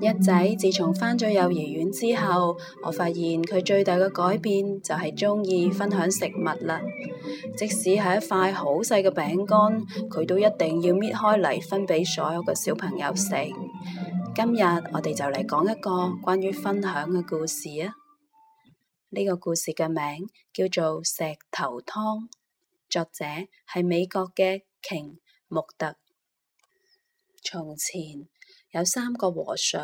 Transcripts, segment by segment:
一仔自從返咗幼兒園之後，我發現佢最大嘅改變就係鍾意分享食物啦。即使係一塊好細嘅餅乾，佢都一定要搣開嚟分俾所有嘅小朋友食。今日我哋就嚟講一個關於分享嘅故事啊！呢個故事嘅名叫做《石頭湯》，作者係美國嘅瓊穆特。從前。有三個和尚：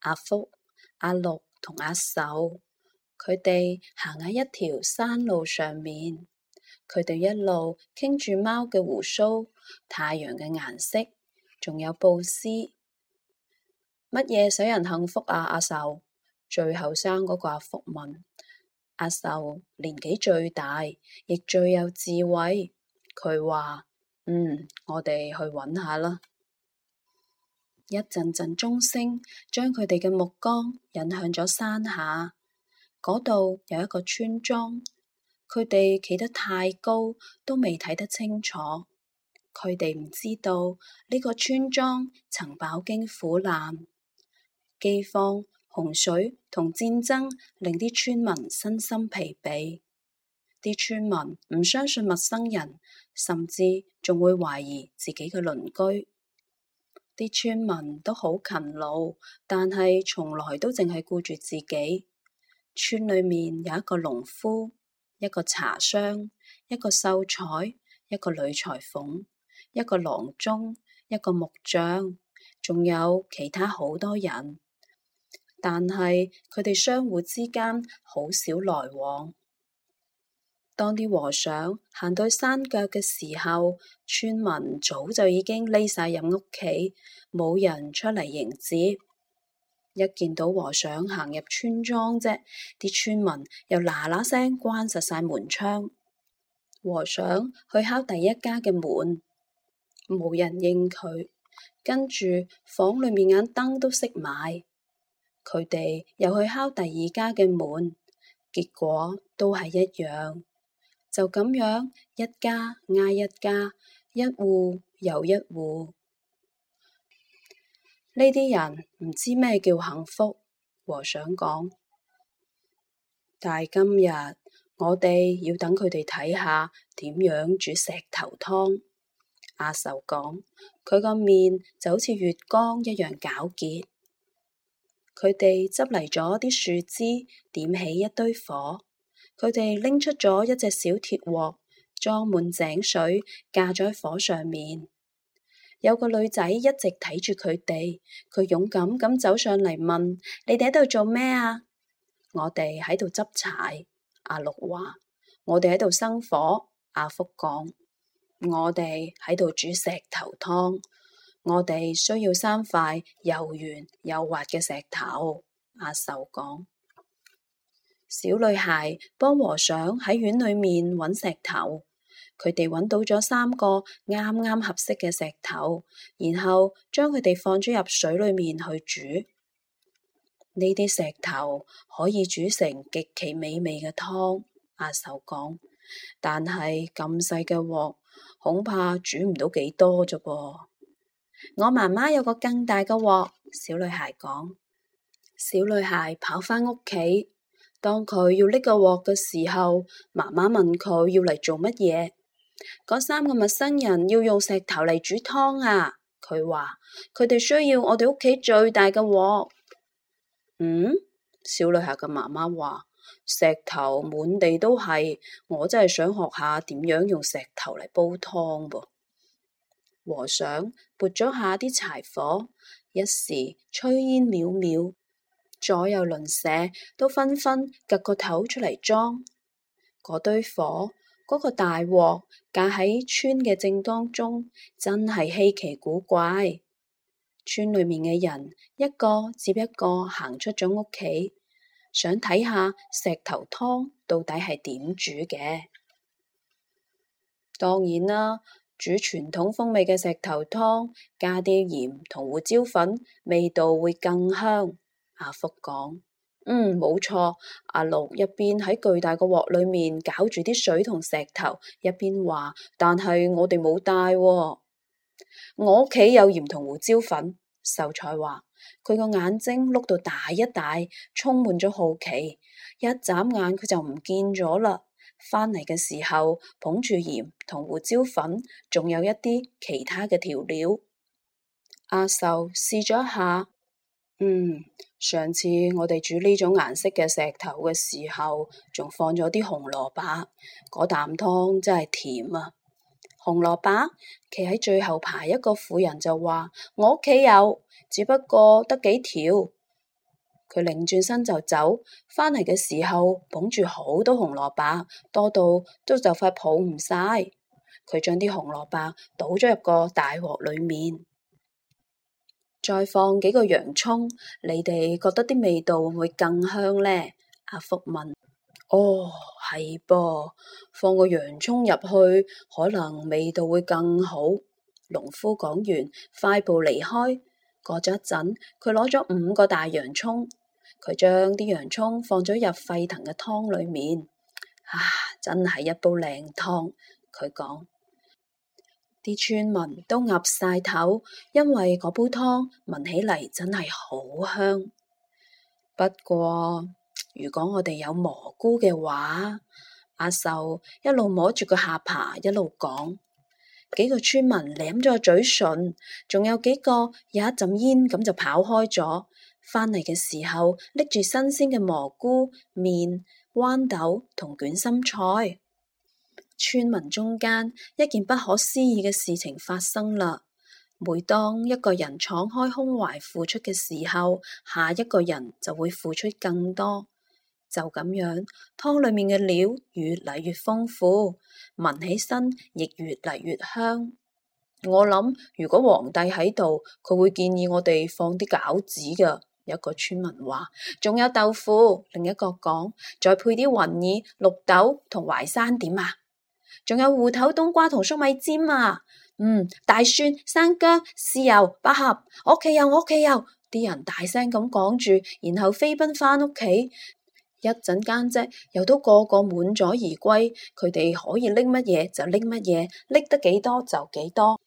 阿福、阿六同阿壽。佢哋行喺一條山路上面，佢哋一路傾住貓嘅鬍鬚、太陽嘅顏色，仲有布施。乜嘢使人幸福啊？阿壽，最後生嗰個阿福問。阿壽年紀最大，亦最有智慧。佢話：嗯，我哋去揾下啦。一陣陣鐘聲將佢哋嘅目光引向咗山下，嗰度有一個村莊。佢哋企得太高，都未睇得清楚。佢哋唔知道呢個村莊曾飽經苦難、飢荒、洪水同戰爭，令啲村民身心疲憊。啲村民唔相信陌生人，甚至仲會懷疑自己嘅鄰居。啲村民都好勤勞，但係從來都淨係顧住自己。村裏面有一個農夫，一個茶商，一個秀才，一個女裁縫，一個郎中，一個木匠，仲有其他好多人。但係佢哋相互之間好少來往。當啲和尚行到山腳嘅時候，村民早就已經匿晒入屋企，冇人出嚟迎接。一見到和尚行入村莊啫，啲村民又嗱嗱聲關實晒門窗。和尚去敲第一家嘅門，冇人應佢，跟住房裏面眼燈都熄埋，佢哋又去敲第二家嘅門，結果都係一樣。就咁樣，一家挨一家，一戶又一戶。呢啲人唔知咩叫幸福。和尚講，但今日我哋要等佢哋睇下點樣煮石頭湯。阿壽講，佢個面就好似月光一樣皎潔。佢哋執嚟咗啲樹枝，點起一堆火。佢哋拎出咗一隻小鐵鍋，裝滿井水，架咗喺火上面。有個女仔一直睇住佢哋，佢勇敢咁走上嚟問：你哋喺度做咩啊？我哋喺度執柴。阿六話：我哋喺度生火。阿福講：我哋喺度煮石頭湯。我哋需要三塊又圓又滑嘅石頭。阿壽講。小女孩幫和尚喺院裏面揾石頭，佢哋揾到咗三個啱啱合適嘅石頭，然後將佢哋放咗入水裏面去煮。呢啲石頭可以煮成極其美味嘅湯。阿壽講，但係咁細嘅鑊恐怕煮唔到幾多啫噃。我媽媽有個更大嘅鑊。小女孩講。小女孩跑翻屋企。當佢要搦個鑊嘅時候，媽媽問佢要嚟做乜嘢？嗰三個陌生人要用石頭嚟煮湯啊！佢話佢哋需要我哋屋企最大嘅鑊。嗯？小女孩嘅媽媽話石頭滿地都係，我真係想學下點樣用石頭嚟煲湯噃。和尚撥咗下啲柴火，一時炊煙裊裊。左右鄰舍都紛紛夾個頭出嚟裝嗰堆火，嗰個大鑊架喺村嘅正當中，真係稀奇古怪。村裏面嘅人一個接一個行出咗屋企，想睇下石頭湯到底係點煮嘅。當然啦，煮傳統風味嘅石頭湯，加啲鹽同胡椒粉，味道會更香。阿福講：嗯，冇錯。阿六一邊喺巨大嘅鑊裏面攪住啲水同石頭，一邊話：但係我哋冇帶喎。我屋企有鹽同胡椒粉。秀才話：佢個眼睛碌到大一大，充滿咗好奇。一眨眼佢就唔見咗啦。返嚟嘅時候，捧住鹽同胡椒粉，仲有一啲其他嘅調料。阿壽試咗一下。嗯，上次我哋煮呢種顏色嘅石頭嘅時候，仲放咗啲紅蘿蔔，嗰啖湯真係甜啊！紅蘿蔔！企喺最後排一個婦人就話：我屋企有，只不過得幾條。佢擰轉身就走，返嚟嘅時候捧住好多紅蘿蔔，多到都就快抱唔晒。佢將啲紅蘿蔔倒咗入個大鑊裏面。再放幾個洋蔥，你哋覺得啲味道會更香呢？阿福問。哦，係噃，放個洋蔥入去，可能味道會更好。農夫講完，快步離開。過咗一陣，佢攞咗五個大洋蔥，佢將啲洋蔥放咗入沸騰嘅湯裏面。啊，真係一煲靚湯，佢講。啲村民都岌晒頭，因為嗰煲湯聞起嚟真係好香。不過如果我哋有蘑菇嘅話，阿壽一路摸住個下巴，一路講。幾個村民舐咗嘴唇，仲有幾個有一陣煙咁就跑開咗。返嚟嘅時候拎住新鮮嘅蘑菇、麵、豌豆同捲心菜。村民中間，一件不可思議嘅事情發生啦。每當一個人敞開胸懷付出嘅時候，下一個人就會付出更多。就咁樣，湯裏面嘅料越嚟越豐富，聞起身亦越嚟越香。我諗如果皇帝喺度，佢會建議我哋放啲餃子㗎。有一個村民話，仲有豆腐，另一個講，再配啲雲耳、綠豆同淮山點啊？仲有芋頭、冬瓜同粟米尖啊！嗯，大蒜、生姜、豉油、百合，我屋企有，我屋企有。啲人大聲咁講住，然後飛奔翻屋企。一陣間啫，又都個個滿載而歸。佢哋可以拎乜嘢就拎乜嘢，拎得幾多就幾多。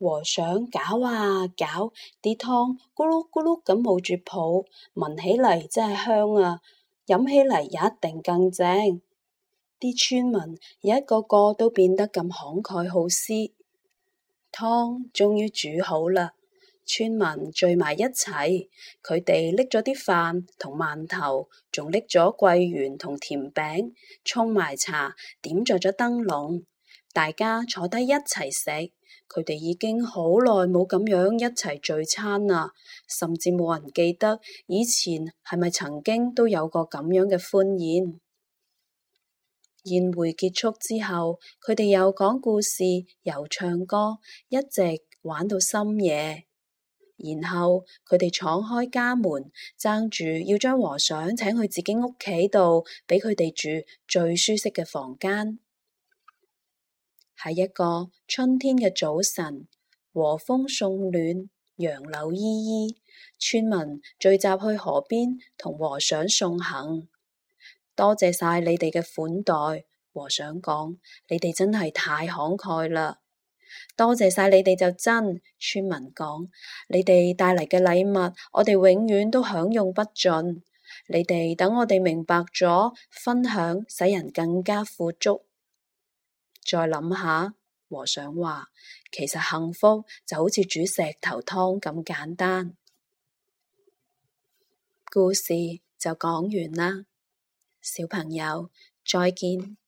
和尚攪啊攪，啲湯咕嚕咕嚕咁冒住泡，聞起嚟真係香啊！飲起嚟一定更正。啲村民而家一個個都變得咁慷慨好施，湯終於煮好啦！村民聚埋一齊，佢哋拎咗啲飯同饅頭，仲拎咗桂圓同甜餅，沖埋茶，點着咗燈籠，大家坐低一齊食。佢哋已經好耐冇咁樣一齊聚餐啦，甚至冇人記得以前係咪曾經都有過咁樣嘅歡宴。宴會結束之後，佢哋又講故事，又唱歌，一直玩到深夜。然後佢哋敞開家門，爭住要將和尚請去自己屋企度，俾佢哋住最舒適嘅房間。喺一個春天嘅早晨，和風送暖，楊柳依依，村民聚集去河邊同和尚送行。多謝晒你哋嘅款待，和尚講：你哋真係太慷慨啦！多謝晒你哋就真，村民講：你哋帶嚟嘅禮物，我哋永遠都享用不盡。你哋等我哋明白咗，分享使人更加富足。再諗下，和尚話：其實幸福就好似煮石頭湯咁簡單。故事就講完啦。小朋友，再見。